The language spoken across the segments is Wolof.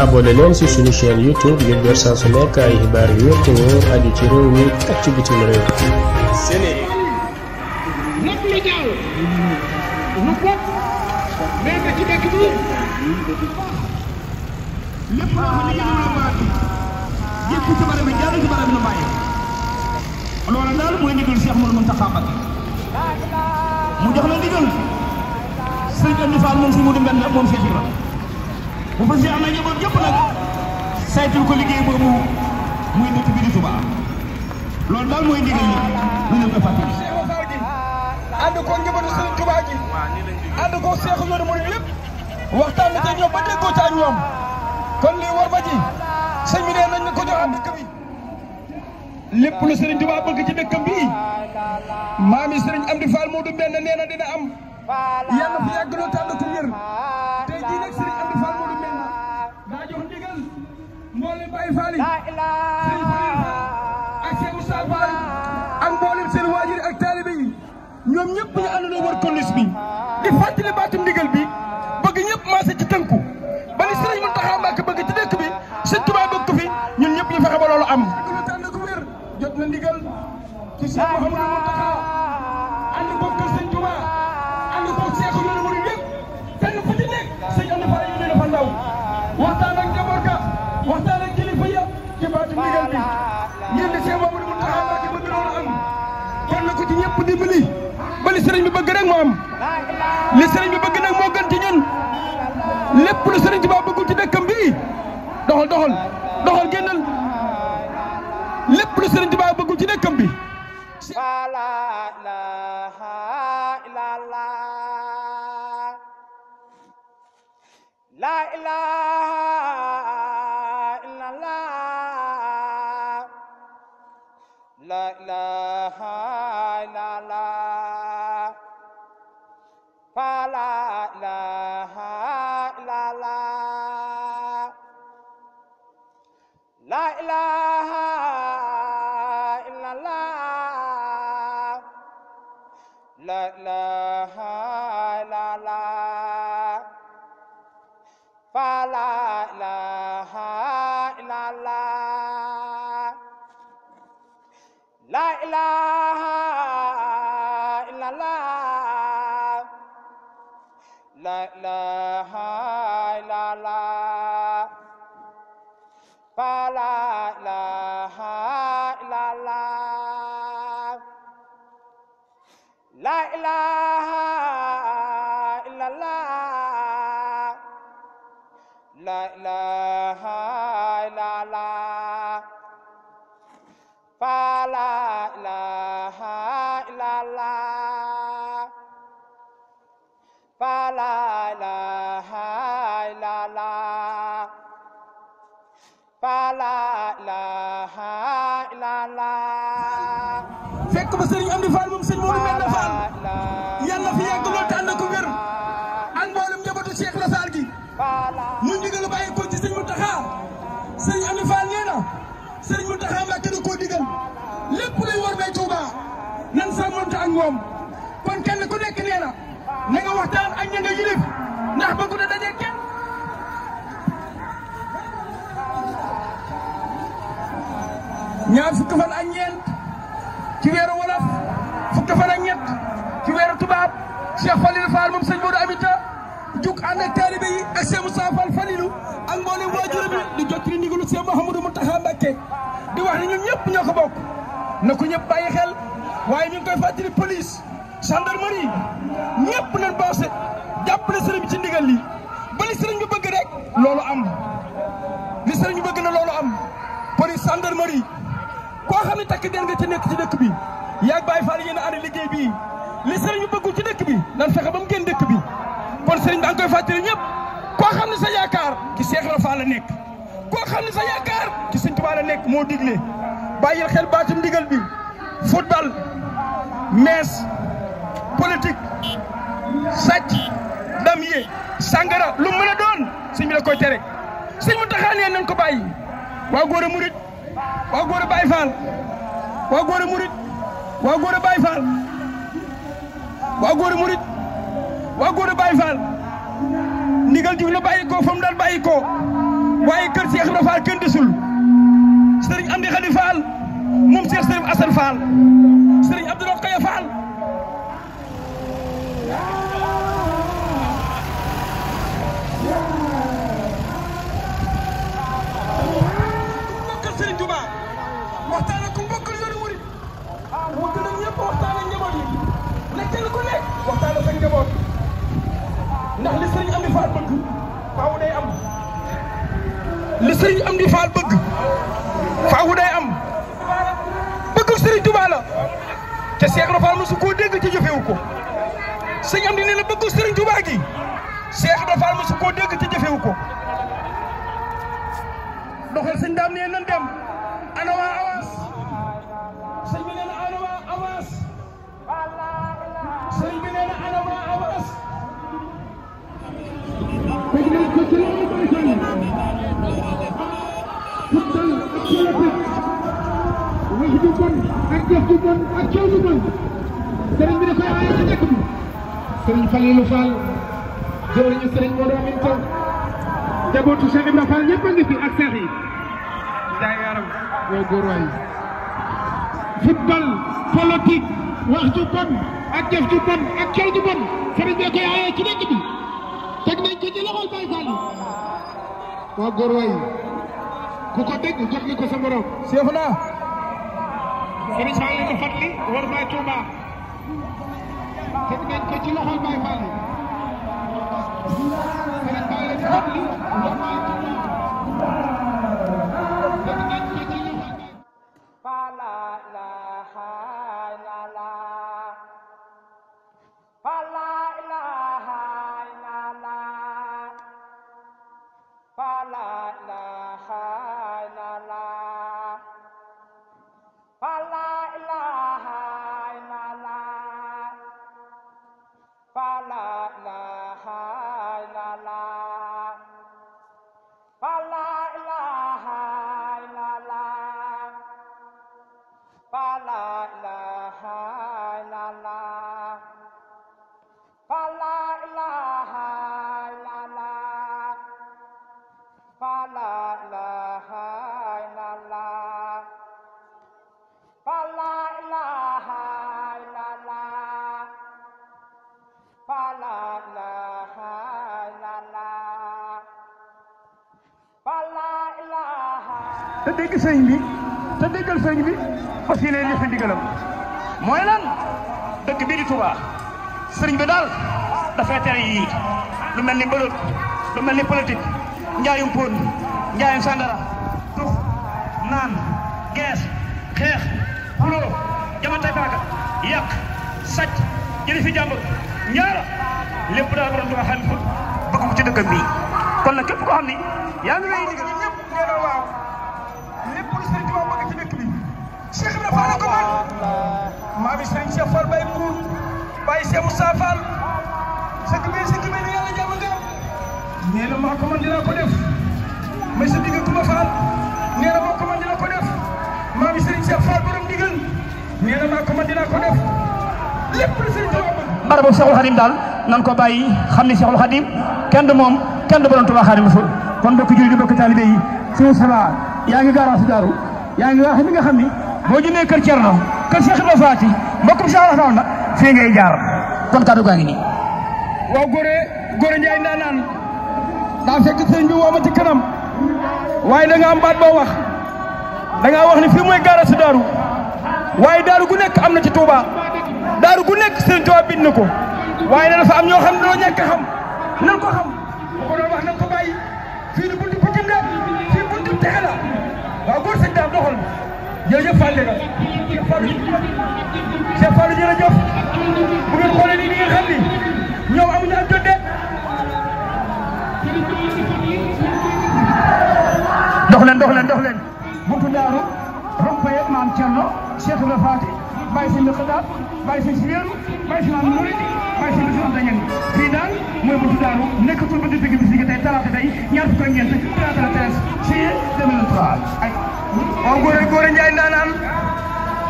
abonné leen ci suñu chaîne YouTube ngir jot saa su nekk ay xibaar yu wér te wóor aju ci réew mi ak ci bitim réew. loolu daal mooy ndigal Cheikh Mouhamadou Mountakha Mbacké mu jox la ndigal sëñ Amdi Fall moom si mu di mbenn moom Cheikh Ibrahima bu bés bi am na njaboot yëpp nag saytul ko liggéey boobu muy dëkk bi di Touba loolu daal mooy ndigal yi ñu ne ko fàttali. ànd ko njabootu Sëriñ Touba ji ànd ko seexu yoonu mooy lépp waxtaan bi te ba déggoo ca ñu kon lii war ba ji sëñ bi nee nañ ñu ko jox am dëkk bi lépp lu Sëriñ Touba bëgg ci dëkkam bii maam yi Sëriñ Amdi Fall Moodu nee na dina am yàlla fi yàgg loo tànn ku tey jii nag Sëriñ Amdi Serigne Baye Fall yi ak Cheikh Moussa Fall ak mboolem seen waajur ak taalibe yi ñoom ñëpp ñu àndandoo war corniche bi di fàttali baatum ndigal bi bëgg ñëpp maase ci tënku ba ni Serigne Mountakha Mbacké bëgg ci dëkk bi Serigne Touba bëgg ko fi ñun ñëpp ñu fexe ba loolu am. jot na ndigal ci Cheikh Mouhamadou moom li sëriñ bi bëgg nag moo gën ci ñun lépp lu sëriñ Tuubaa bëggul ci dëkkam bii doxal doxal doxal génnal lépp lu sëriñ Tuubaa bëggul ci dëkkam bi La ilaha illallah La ilaha illallah la ilaha illallah la ilaha illallah fala laa ilaaha illallah laa ilaaha illallah faa laa ilaaha illallah faa laa ilaaha illallah faa laa ilaaha illallah fekk ba Sëriñ Amdi Fall moom sëñ sëriñ Amdi Fall nee na sëriñ Mountakha Mbacké da koo digal lépp luy war may Touba nan sàmmante ak moom kon kenn ku nekk nee na na nga waxtaan ak ña nga yilif ndax bëgg ñaar fukki fan ak ñeent ci weeru wolof fukki fan tubaab Cheikh Falil Fall moom sëñ Modou Aminta juk ànd ak taalibe yi ak Cheikh Moussa di jot ci ndigalu Cheikh Mouhamadou Mountakha Mbacké di wax ne ñun ñëpp ñoo ko bokk na ko ñëpp bàyyi xel waaye ñu ngi koy fàttali police gendarmerie ñëpp nañ jàpp jàppale sëriñ bi ci ndigal li ba li sëriñ bi bëgg rek loolu am li sëriñ bi bëgg na loolu am police gendarmerie koo xam ne takk den ci nekk ci dëkk bi yaag Baye Fall yéen a ànd liggéey bi li sëriñ bi bëggul ci dëkk bi nan fexe ba mu dëkk bi kon sëriñ bi da nga koy fàttali ñëpp koo xam ne sa yaakaar ci Cheikh koo xam ne sa yaakaar ci nekk moo digle bàyyil xel baatum ndigal bi football mees politique sàcc dam yee sàngara a doon sëñ bi la koy tere sëñ mu taxaanee ko bàyyi waa góor Baay waa góor a murit waa góor Baay Faal waa góor a murit waa góor Baay Faal ndigal jug la bàyyi ko fa mu daan waaye kër Cheikh Ibrahima Fall kenn desul sëriñ Amdi Khady Fall moom Cheikh Sëriñ Assane Fall sëriñ Abdoulaye sëriñ am di faal bëgg faawu day am bëgg sëriñ Tuubaa la te Cheikh Ibra Fall mosu koo dégg ci jëfewu ko sëñ am di ne la bëgg sëriñ Tuubaa gi Cheikh Ibra Fall mosu koo dégg ci jëfewu ko ci rafet wax ju bon ak jëf ju bon ak coow ju bon sëriñ bi da koy aaye ci dëkk bi sëriñ Falilou Fall jëwriñu sëriñ Modou Amin Thiaw jabootu Cheikh Ibrahima Fall ñëpp a ngi fi ak seex yi daa yaram woo góor waay football politique wax ju bon ak jëf ju bon ak coow ju bon sëriñ bi da koy aaye ci dëkk bi teg nañ ko ci loxol Baye Fall yi waa góor waay ku ko dégg jot na ko sa morom. Cheikh na. émission yi ñu fàttali war Baye Touba. teg nañ ko ci loxol Baye Fall. déggal sëñ bi te déggal sëñ bi fas yéene jëfe ndigalam mooy lan dëkk bii di Touba sëriñ bi daal dafay tere yii lu mel ni bëlët lu mel ni politique njaayum póon njaayum sàngara tux naan gees xeex xuloo jamantay paaka yàq sàcc jëli fi jàmbur ñaara daal borom Touba xam bëgg ko ci dëkkam bii kon nag képp koo xam ni yaa ngi lay digal ñëpp nee na waaw Cheikh Ibrahima Fall la ko mën maam yi Serigne Cheikh Fall Baye Mbour Baye Cheikh Moussa Fall sëkk bi sëkk bi ne yàlla jàmm nga nee na maa ko mën dinaa ko def mais sa digg Kumba Fall nee na maa ko mën dinaa ko def maam yi Serigne Cheikh Fall borom ndigal nee na maa ko mën dinaa ko def lépp lu Serigne Touba bëgg. barab bu Cheikhul Khadim daal nan ko bàyyi xam ni Cheikhul Khadim kenn du moom kenn du borom Touba Khadim Rasul kon mbokk jullit yi mbokk taalibe yi suñu sabaa yaa ngi garage daaru yaa ngi wax mi nga xam ni. boo ñu nee kër Thierno kër Cheikh Ibrahima Faati mbokkum Cheikh Ibrahima la fii ngay jaar kon kaddu gaa ngi nii. waaw Gore Gore Ndiaye naan naan daa fekk sëñ bi woo ma ci kanam waaye da am baat boo wax da wax ni fii mooy gaara daaru waaye daaru gu nekk am na ci Touba daaru gu nekk sëñ Touba bind na ko waaye dafa am ñoo xam ne dañoo xam nan ko xam ko wax nan ko bàyyi fii ni buntu Pikine buntu Texe la waaw góor sëñ daam jërëjëf Fall Ndeka Cheikh Fallou Cheikh Fallou jërëjëf bu ngeen xoolee nii di ngeen xam ni ñoom amuñu am jot de. dox leen dox leen dox leen. buntu daaru rompaye maam Thierno Cheikh Oula Fatick bàyyi si Miqdaad bàyyi si Siweeru bàyyi si maam Mouride bàyyi si Moussa Ndañen fii daal mooy buntu daaru nekkatul ba di dëgg bis yi tey talaata tey ñaar fukk ak ñeent talaata la 13 juillet 2003 ay. moom góor góor Njaay naanaan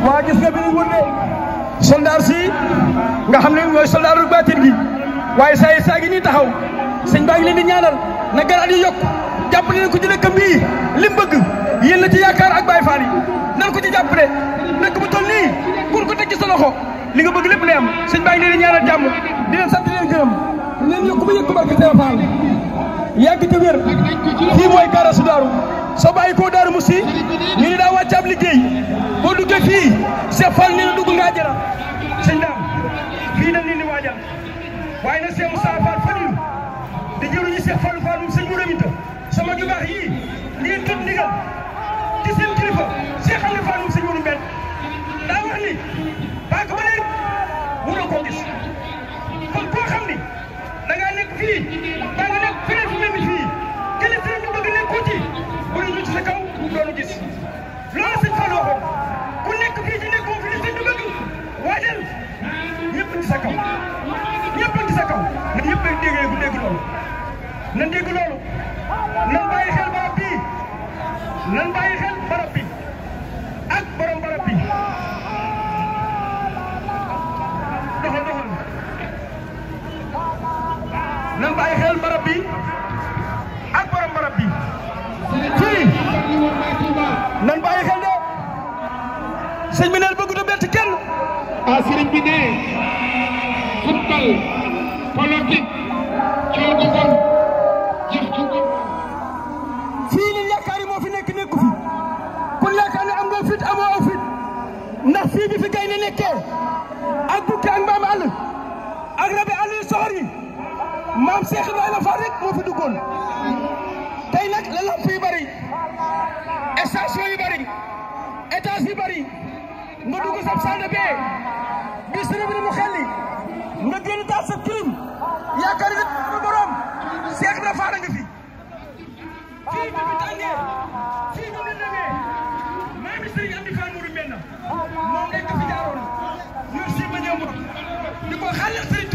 waa gis nga bi ñu soldaar si nga xam ne mooy soldaaru baatin gi waaye saa yi saa ngi nii taxaw sëñ baa ngi leen di ñaanal na garaat yokk jàpp leen ko ci dëkkam bii li mu bëgg yéen la ci yaakaar ak Baay Faal yi nan ko ci jàppale dëkk bu toll nii pour ko teg ci sa loxo li nga bëgg lépp lay am sëñ baa ngi leen ñaanal jàmm di leen sant gërëm leen yokk ba yëg ko barke Faal yàgg te wér fii mooy Kara Soudarou soo bàyyi koo Daaru Musi ñu ni daa wàcc ab liggéey boo duggee fii Cheikh Fall ni la dugg ngaa jara sëñ daam fii na leen di waaye na Cheikh Moussa Fall Fadil di jëruñu Cheikh Fall Fall moom sëñ mu reminta sama yii ngeen tudd ndigal ci seen kilifa Cheikh Fall Fall moom sëñ mu benn daa wax ni baag ba leen mënoo koo gis kon koo da nekk fii sa kaw mu doon gis loolu sëñ Fallou waxoon ku nekk fii ci nekkoon fi ne sëñ bi bëgg waajal ñëpp ci sa kaw ñëpp ci sa kaw na ñëpp a déggee bu dégg loolu na dégg loolu nan bàyyi xel barab bii nan bàyyi xel barab la sëriñ bi ne football politique coono kon jëf ci ko. fii moo fi nekk nekku fi kon am nga fit amoo aw fit ndax fii bi fi gaynde nekkee ak bukki ak mbaam àll ak rabi àll yu soxor yi maam Cheikh Ibrahima Fall moo fi duggoon tey nag la lamp yu bari station yu bari étage yu bari nga dugg sab salle de di ko xalal sëriñ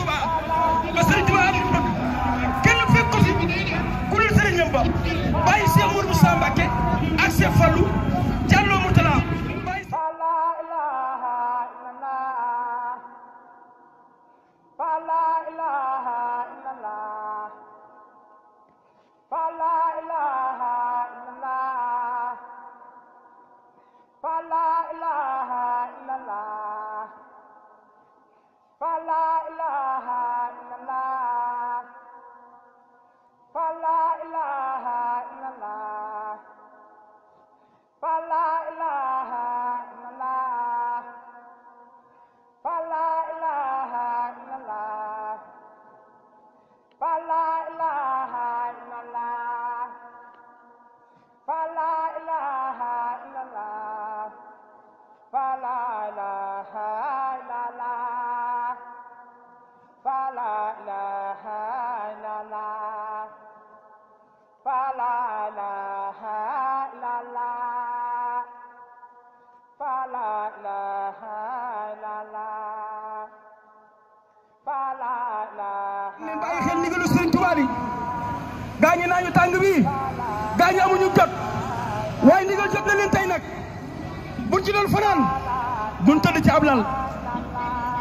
ab lal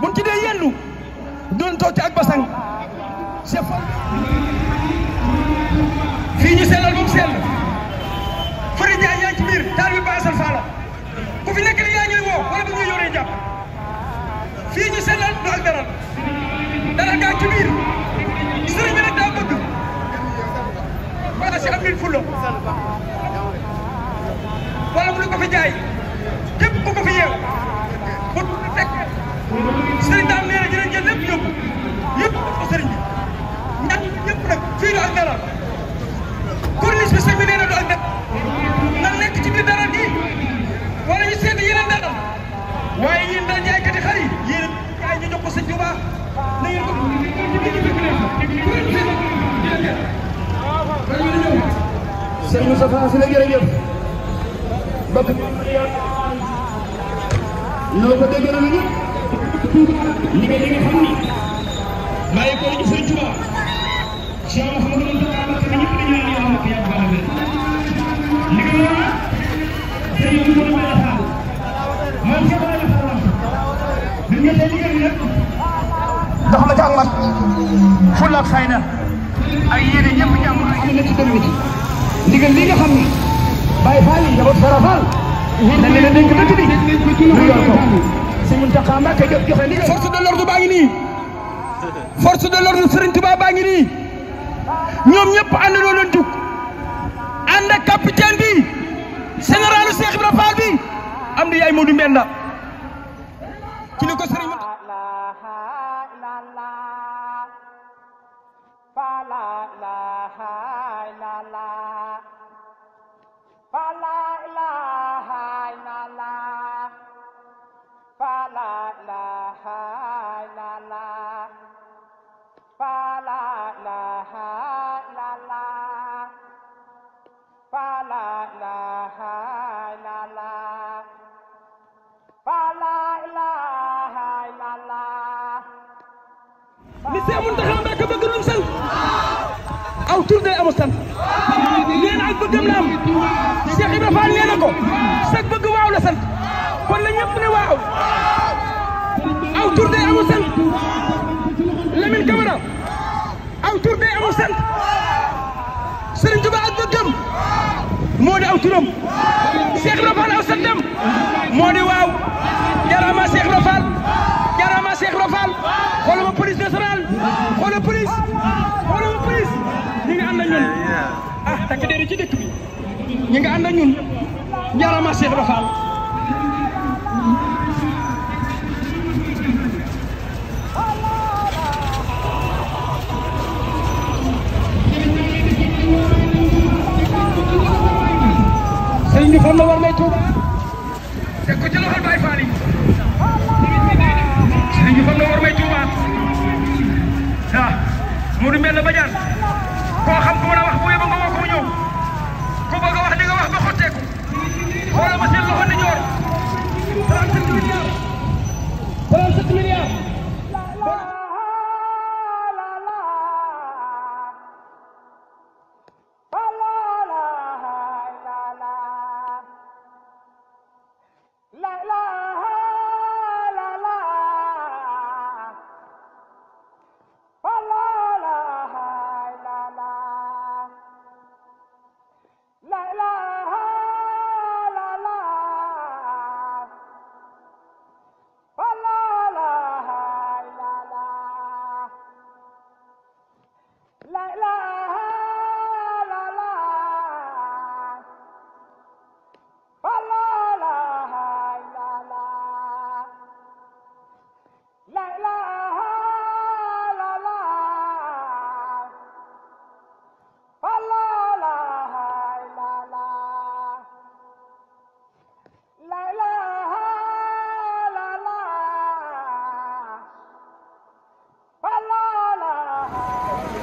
buñ ci dee yendu ci ak basang c'est fii ñu sellal moom sell yaa ngi ci biir taal bi baasal faalo ku fi nekk yaa ñuy woo wala bu ñuy yoree jàpp fii sellal du ak dara dara gaa ci biir sëriñ bi nag daa bëgg wala si am nit fulo mu ne ko jaay Serigne Moustapha Sylla jërëjëf bokk noo ko dégg nañu li nga dégg xam ni bàyyi ko ñu la man ci wala la wax bi nga te liggéey nag dox ma ci ak fulla ak ay yéene ñëpp jàmm ay yéene ci dëgg ndigal li nga xam ni Baye Fall yi njaboot Fara Fall dañ leen a dénk dëkk bi lu yor ko si Mountakha Mbacké jox joxe ndigal force de l'ordre baa ngi nii force de l'ordre Serigne Touba baa ngi nii ñoom ñëpp ànd doo leen jug ànd ak capitaine bi généralu Cheikh Ibra Fall bi am na yaay Modou Mbenda ci li ko Serigne la la la li see Muntaxa Mbàkke bëgg doon sant aw tur day amul sant nee na ak bëggam la am Cheikh Ibrahima Fall nee na ko ñi nga ànd ak ñun jarama Cheikh Ibra Fall sëriñ bi fan la war may tuub teg ko ci la war may tuubaat mu du mel na milliards. 37 milliards.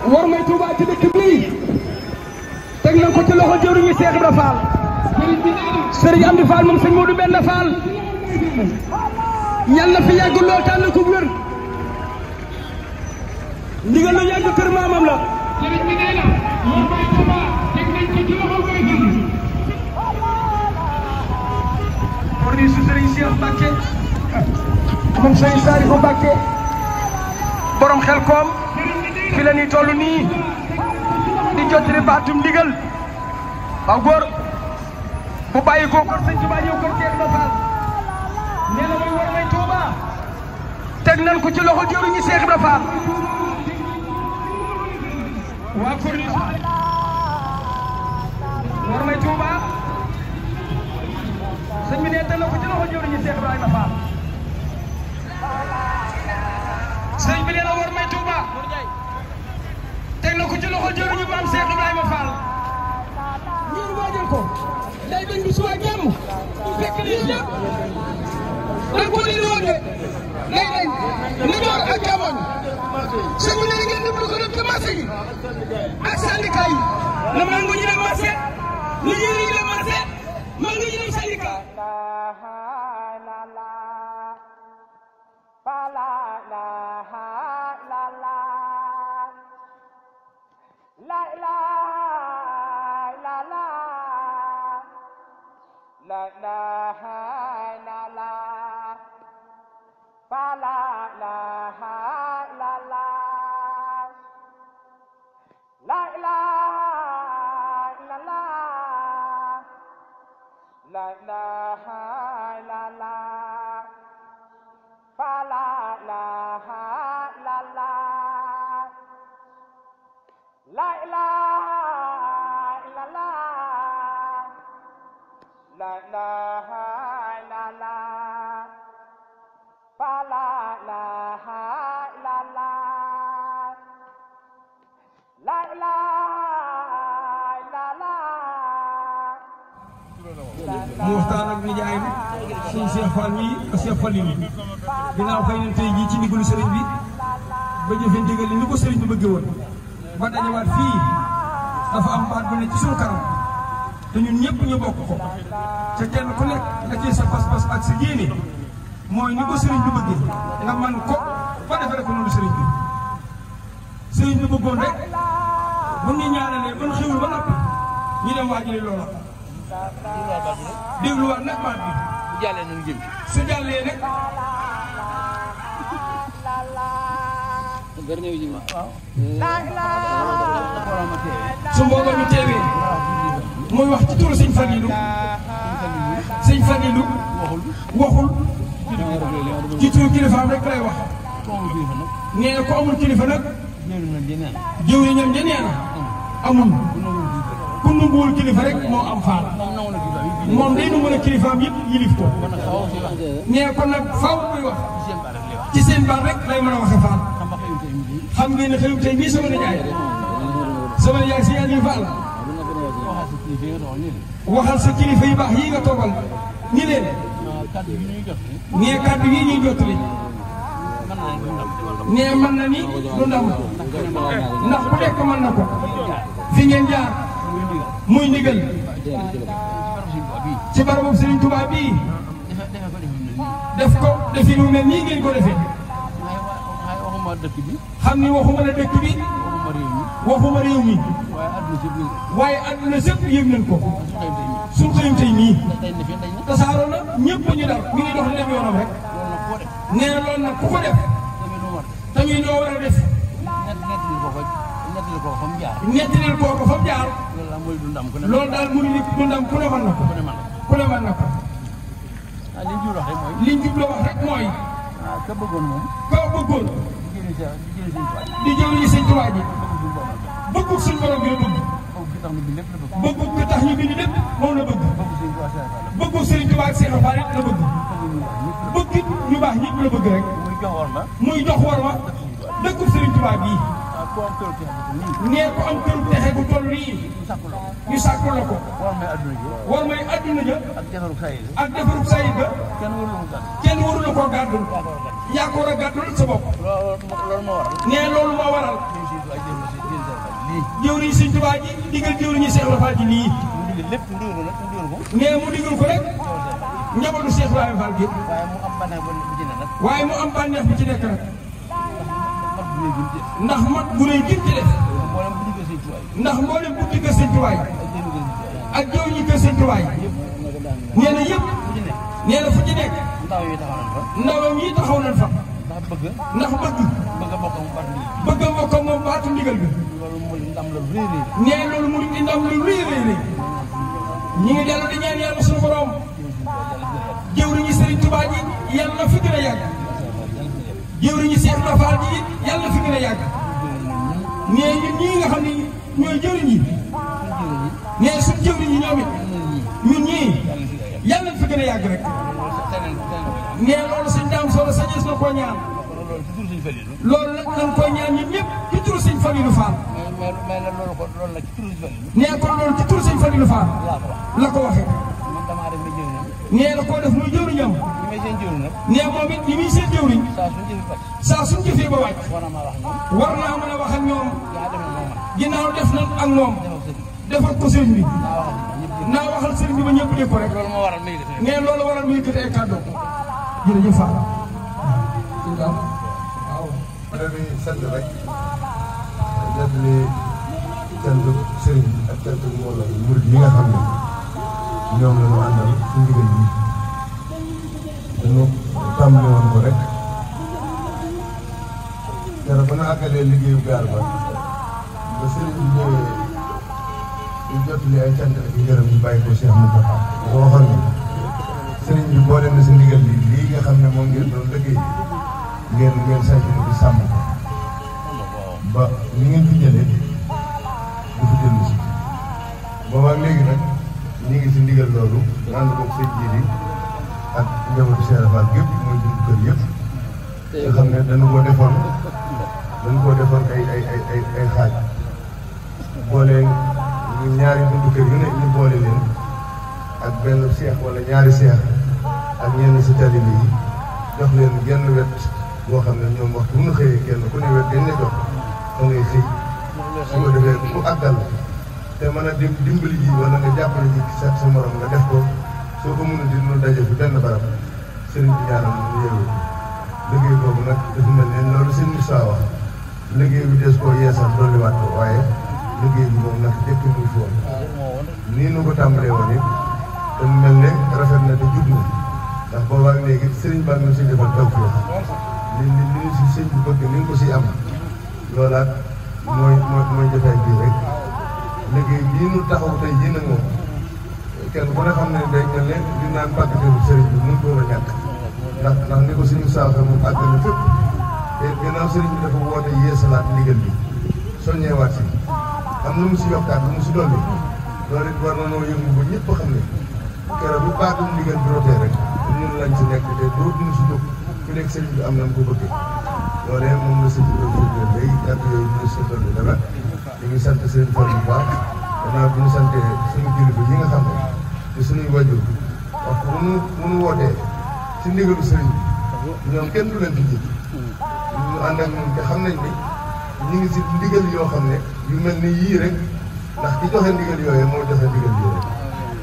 war may Touba ci dëkk bii teg nañ ko ci loxo jëwriñu Cheikh Ibra Fall Serigne Amdi Fall moom sëñ Modou Mbenda Fall ñal na fi yàgg lool tànn ko wér ndigal la yàgg kër maamam la sëriñ bi nee na moom may Touba teg nañ ko borom xel fi la ñuy toll nii di jottali baatum ndigal ba góor bu bàyyi ko kër sëñ Tuba ñëw kër Cheikh Nafal nee na teg nañ ko ci loxo jëruñu Cheikh Nafal bi nee teg ko jëriñu maam Cheikh Ibrahima Fall ngeen waajal ko day dañ bu suba jàmm bu fekk ni ñëpp dañ ko dindi woon de day dañ ni joor ak jamoon suñu ne ngeen di ko dem ci marché yi ak syndicat yi na maa ngi ñu dem marché ni ñu ñu dem marché maa ngi ñu dem syndicat suñu Cheikh Fall mii ak Cheikh Fall yi ginnaaw xëy na tey jii ci ndigalu sëriñ bi ba jëfe ndigal li ni ko sëriñ bi bëgge woon ba dajawaat fii dafa am baat bu ne ci suñu kanam te ñun ñëpp ñu bokk ko te kenn ku nekk la ci sa pas-pas ak sa yéene mooy ni ko sëriñ bi bëgge nga man ko ba defe rek noonu sëriñ bi sëriñ bi bëggoon rek bu ñu ñaanalee ba ñu ba noppi ñu dem waajale loola dégluwaat nag baat bi jàllee nañ jëm ci. su jàllee nag. bari na yu jëm su mbooloo mi teewee mooy wax ci turu waxul ci kilifaam rek lay wax nee na ko amul kilifa nag jiw yi ñoom ñeneen ku nanguwul kilifa rek moo am faal moom day nangu a kilifaam yëpp yilif ko nee kon nag faaw koy wax ci seen rek lay mën a waxe faal xam ngeen ne xëyum tey bii sama nijaay sama nijaay si yàlla faal waxal sa kilifa yu baax yi nga toogal ni leen nee kàddu yi ñuy jottali nee mën na ni lu ndam ndax ku nekk mën na ko fi ngeen jaar muy ndigal si barabu Serigne Touba bii def ko defi lu mel nii ngeen ko defee xam ni waxuma la dëkk bi waxuma réew mi waaye àdduna sépp yëg nañ ko suñ xëyum tey nii tasaaroo na ñëpp ñu dal mi ngi dox di def yoonam rek nee na loolu nag ku ko def tamit noo war def nettalil ko fa mu jaar. nettalil ko fa mu jaar. loolu daal mooy dundam ku ne. loolu daal muy dundam ku ne mën na ko. ku ne mën na ko ku ne mën na ko. ah li ñu jubloo wax rek mooy. li ñu jubloo wax rek mooy. Ah, ka bëggoon moom. ka bëggoon. di jëriñu seen tubaab yi. bëggul suñu borom la bëgg. bëggul ñu bind lépp moom la bëgg. bëggul Sëriñ Tuubaa ak Seex Faal la bëgg. bëgg ñu baax ñëpp la bëgg rek. muy jox war ma. dëkkub Sëriñ Tuubaa bii. nee ko am këru texe gu toll nii ñu sàkkul la ko war may adduna ja ak defarub sayid ga kenn waru la ko war a sa bopp nee loolu moo waral jëwriñ si Tuubaa ji digal jëwriñu Seex Ibra Faal ji nii nee mu digal ko rek njabootu Seex Ibra Faal gi waaye mu am bànneex bu ci nekk nag ndax mag bu rëy gi ci def ndax mboolem bu digg sëñ Tuwaay ak jëw ñi kër sëñ Tuwaay nee na yëpp nee na fu ci nekk ndawam yi bëgg bëgg mbokk moom baatu ndigal bi nee loolu mu di ndam lu rëy rëy rëy ñi ngi dellu di ñaan yàlla suñu borom jëwriñu sëriñ Tuubaa ji yàlla na fi gën a yàgg jëwriñu Seex Ibra Faal ji yàlla fi gën a yàgg nee ñun ñii nga xam ne ñooy jëwriñ yi nee yi ñoom it ñun ñii yàlla fi gën a yàgg rek nee loolu sëñ daam solo sañees na koo ñaan loolu nag nañ koy ñaan ñun ñëpp ci turu sëñ Faliilu Faal nee loolu ci turu sëñ la ko waxee nee na koo def muy jëwriñam nee moom it li muy seen jëwriñ saa suñ jëfee ba wàcc war naa mën a wax ak ñoom ginnaaw def nañ ak moom defal ko sëriñ bi naa waxal sëriñ bi ba ñëpp ko rek nee loolu waral muy yëkkati ay kàddu jërëjëf Fall waaw dani sant rek jot li cant sëriñ nga xam ne ñoom la ñu àndal ci ndigal bi ñu ba nga àggalee liggéeyu gaar ba ba sëriñ bi ñëwee ñu jot li ay ni boole si ndigal bi lii nga xam ne moom ngeen doon liggéey ngeen ngeen saytu ko di sàmm fi jëlee du si boobaag léegi nag ñu ngi si ndigal loolu ànd ko sëñ ji ak njabootu Cheikh Fall gépp mooy jëm kër yëpp nga xam ne dañu ko defoon dañu ko defoon ay ay ay ay xaaj boole ñu ñaari buntu kër yu ne ñu boole leen ak benn seex wala ñaari seex ak ñenn si taalibe yi jox leen genn wet boo xam ne ñoom waxtu bu ñu xëyee kenn ku ne wet dañ la jox da ngay xëy su ko defee ku àggal te mën a dimbali ji wala nga jàppale ji sa sa morom nga def ko. soo ko mënut a mën daje fi benn barab sëriñ bi ñaanal mu yeewu liggéey boobu nag mel ne loolu sëriñ bi saa wax liggéey bi des koo yeesal dolliwaat ko waaye liggéey bi moom nag jëkk muy foon nii nu ko tàmbalee woon it te mu mel ne rafet na di jub na ndax boobaa ak léegi sëriñ baa ngi si defal taw fii li li li si sëñ bi bëgg ni nga ko si am loolaat mooy mooy mooy jotaay bii rek liggéey nu taxaw tey jii nag kenn ku ne xam ne day mel ne li ñu naan pàcc bi sëriñ bi mënut woon a ñàkk ndax ndax ni ko suñu saafara moom àgg na fépp te gannaaw sëriñ si am lu mu si yokkaat mu si dolli loolu it war na noo yëngu ba ñëpp xam ne keroog bu baax bi rotee rek ñun lañ si nekk te doo duñu si jóg ku nekk sëriñ bi am mu ko bëggee loolee moom la sëñ bi doon firndeel léegi kàddu yooyu ñu ngi ñu sant seen tool bi yi nga xam di suñuy wajur parce que munu munu wootee ci ndigalu sëriñ bi ñoom kenn du leen ci jiitu ñu ànd ak ñun te xam nañ ni ñu ngi si ndigal yoo xam ne yu mel ni yii rek ndax ki joxe ndigal yooyu moo joxe ndigal yooyu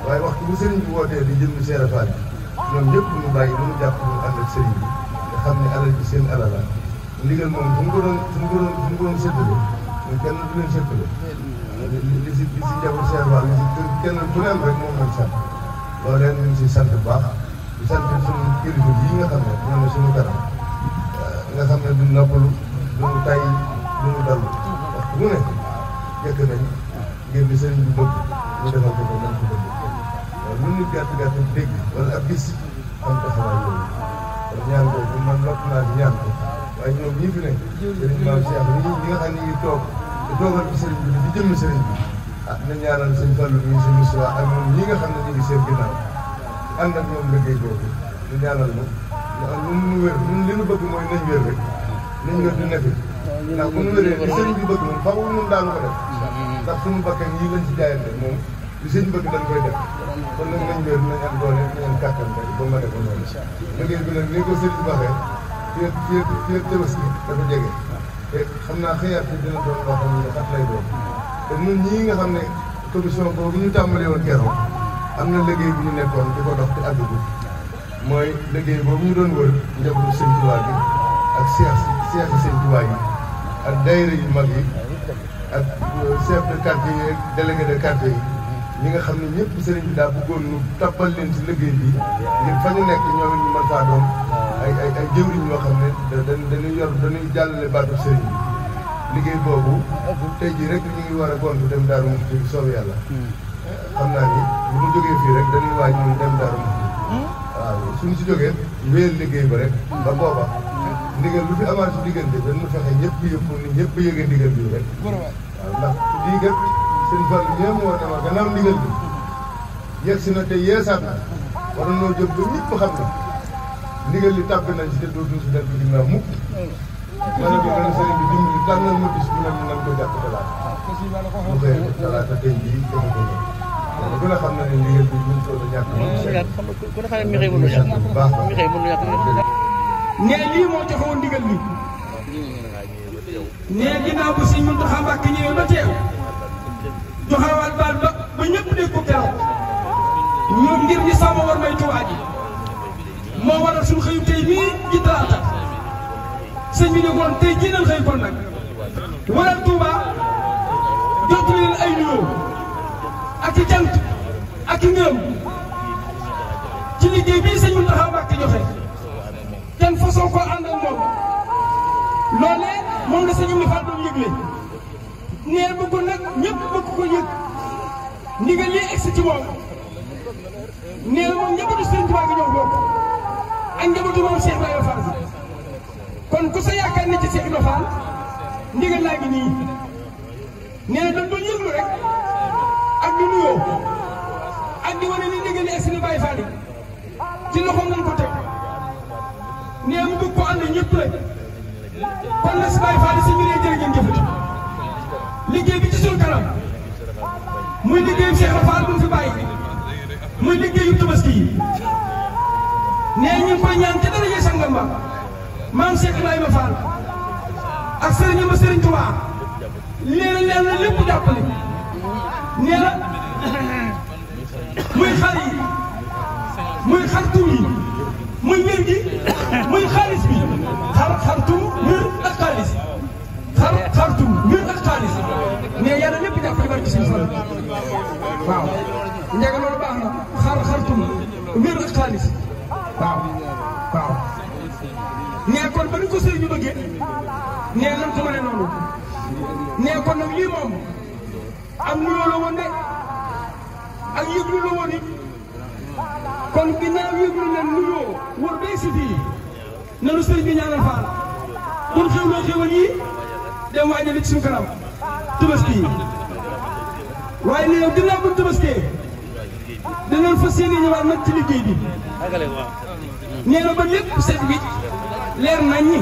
waaye waxtu bu sëriñ bi wootee di jënd seera faat bi ñoom ñëpp ñu bàyyi ñu jàpp ñu ànd ak sëriñ bi nga xam ne alal bi seen alal la ndigal moom fu mu ko doon fu mu ko doon fu mu ko kenn du leen séddale li li si li si njabootu Cheikh Fall li si kenn ku leen rek moom lañ sant loolu leen ñu si sant bu baax di sant suñu kilifa yi nga xam ne ñoo ne suñu kanam eh, nga xam ne duñ noppalu duñu tay duñu dalu wax mu ne jëkk nañ ngir di sëriñ bi bëgg ñu defal ko ko nañ ko bëgg waaw lu ñu gàtt gàtt dégg wala ab gis naa si ñaan ko waaye ñoom ñii fi ne sëriñ maam Cheikh ñi nga xam ne toog doogal ci sëriñ bi di jëmm sëriñ bi ah na ñaanal sëñ Fallou bi sëñ nga xam ne ñu ngi seen ginnaaw ànd ak ñoom liggéey boobu ñu ñaanal ñu ndax ñun ñu wér ñun li ñu bëgg mooy nañ wér rek nañ wér di ndax bu ñu wéree li sëriñ bi bëgg moom faaw ñun daanu ko def ndax suñu bakkan yi lañ ci jaayante moom li sëñ bëgg dañ koy def kon nag nañ wér nañ am doole nañ am kàttan rek ba ma def noonu liggéey bi nag ni ko sëriñ waxee fii fii fii tabaski dafa jege te xam naa xëyaat bi dina doon loo xam ne at lay doon te ñun ñii nga xam ne commission boobu ñu tàmbalee woon keroog am na léegi bu ñu nekkoon di ko dox te àggagul mooy liggéey boobu ñu doon wër njabootu sëñ bi ak seex seex sëñ Tuubaa yi ak daayira yu mag yi ak euh, chef de quartier yi ak délégué de yi ñi nga xam ne ñëpp sëriñ bi daa bëggoon ñu tappal leen ci liggéey bi ngir fa ñu nekk ñoom ñu mën faa doon ay ay ay jëwriñ yoo xam ne da dañuy yor dañuy jàllale baatu sëriñ liggéey boobu tey jii rek ñu ngi war a gontu dem Daaru Muxti bi soobu yàlla hmm. xam naa ni bu ñu jógee fii rek dañuy waaj ñun dem Daaru Muxti hmm. waaw suñu si jógee wéyal liggéey ba rek hmm. ba booba ndigal lu fi amaat diggante diggante dañu fexe ñëpp yëpp ni ñëpp yëge ndigal bi rek waaw ndax lii kat sëñ Fall ñëw moo si na te yeesaat na war nañoo jëm ba ñëpp xam ne ndigal li tàbbi nañ ci te doo doo si dara bi ginnaaw mukk ma ne ko gën a sëriñ bi mu xëy ne ndigal bi mën soo ñàkk ne xam ne mi xëy mënu ndigal bi ne ginnaaw si mun taxa mbàkk ñëwee ba teew joxewaat baat ba ba ñëpp dégg ko teew ngir ñu sàmm war may tuwaa ji moo waral suñu xëyum tey nii ci talaata sëñ bi ne tey jii nañ xëy kon nag waral Touba jot leen ay nuyoo ak i jant ak i ngërëm ci liggéey bii sëñ Mountakha Mbacké joxe kenn façon koo ànd ak moom loolee moom la sëñ Amady Fall doon yëgle nee ñëpp bëgg ko yëg ndigal lii egsi moom nee du sëñ Touba gi ñoo bokk. ak njabootu moom Cheikh Ibrahima kon ku sa yaakaar ne ci Cheikh Ibrahima Fall laa ngi nii nee na dañ doon yëglu rek ak di nuyoo ak di wane ni ndigal li egsi na Baye si Baye Fall si ñu liggéey bi ci suñu muy liggéeyu Cheikh Ibrahima Fall nee ñu ngi koy ñaan ca dara sangam maam Cheikh Ibrahima Fall ak sëriñ ma sëriñ Touba léeg-léeg leen na lépp jàppale nee na muy xar muy xartum yi muy wér muy xaalis bi xar xartum wér ak xaalis xar xartum wér ak xaalis nee barke si waaw. waaw waaw nee kon ba ñu ko sëriñ bi nee nan ko noonu nee kon nag lii moom am lu la ak yëg lu kon ginnaaw yëg lu leen nuyoo wër bay si fii nanu sëriñ bi ñaanal faal pour xewloo xewal yi dem waajal ci suñu kanam tabaski waaye nee ginnaaw bu tabaskee danañ fas yéene ñëwaat nag ci liggéey bi nee na ba lépp set wicc leer nañ ñi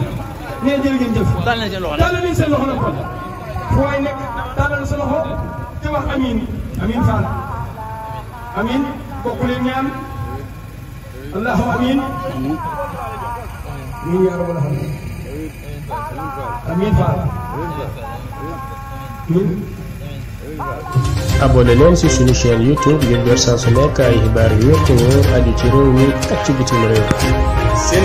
nee jërë ngeen jëf. tàllal seen loxo nag tàllal nañ seen loxo nag kon fu waay nekk tàllal sa loxo te wax amiin amiin Fall amiin bokk leen ñaan allahu amiin amiin yaa rabbal aalamiin abonné leen ci suñu chaîne YouTube ngir jot saa ay xibaar yu wér te wóor ci réew mi ci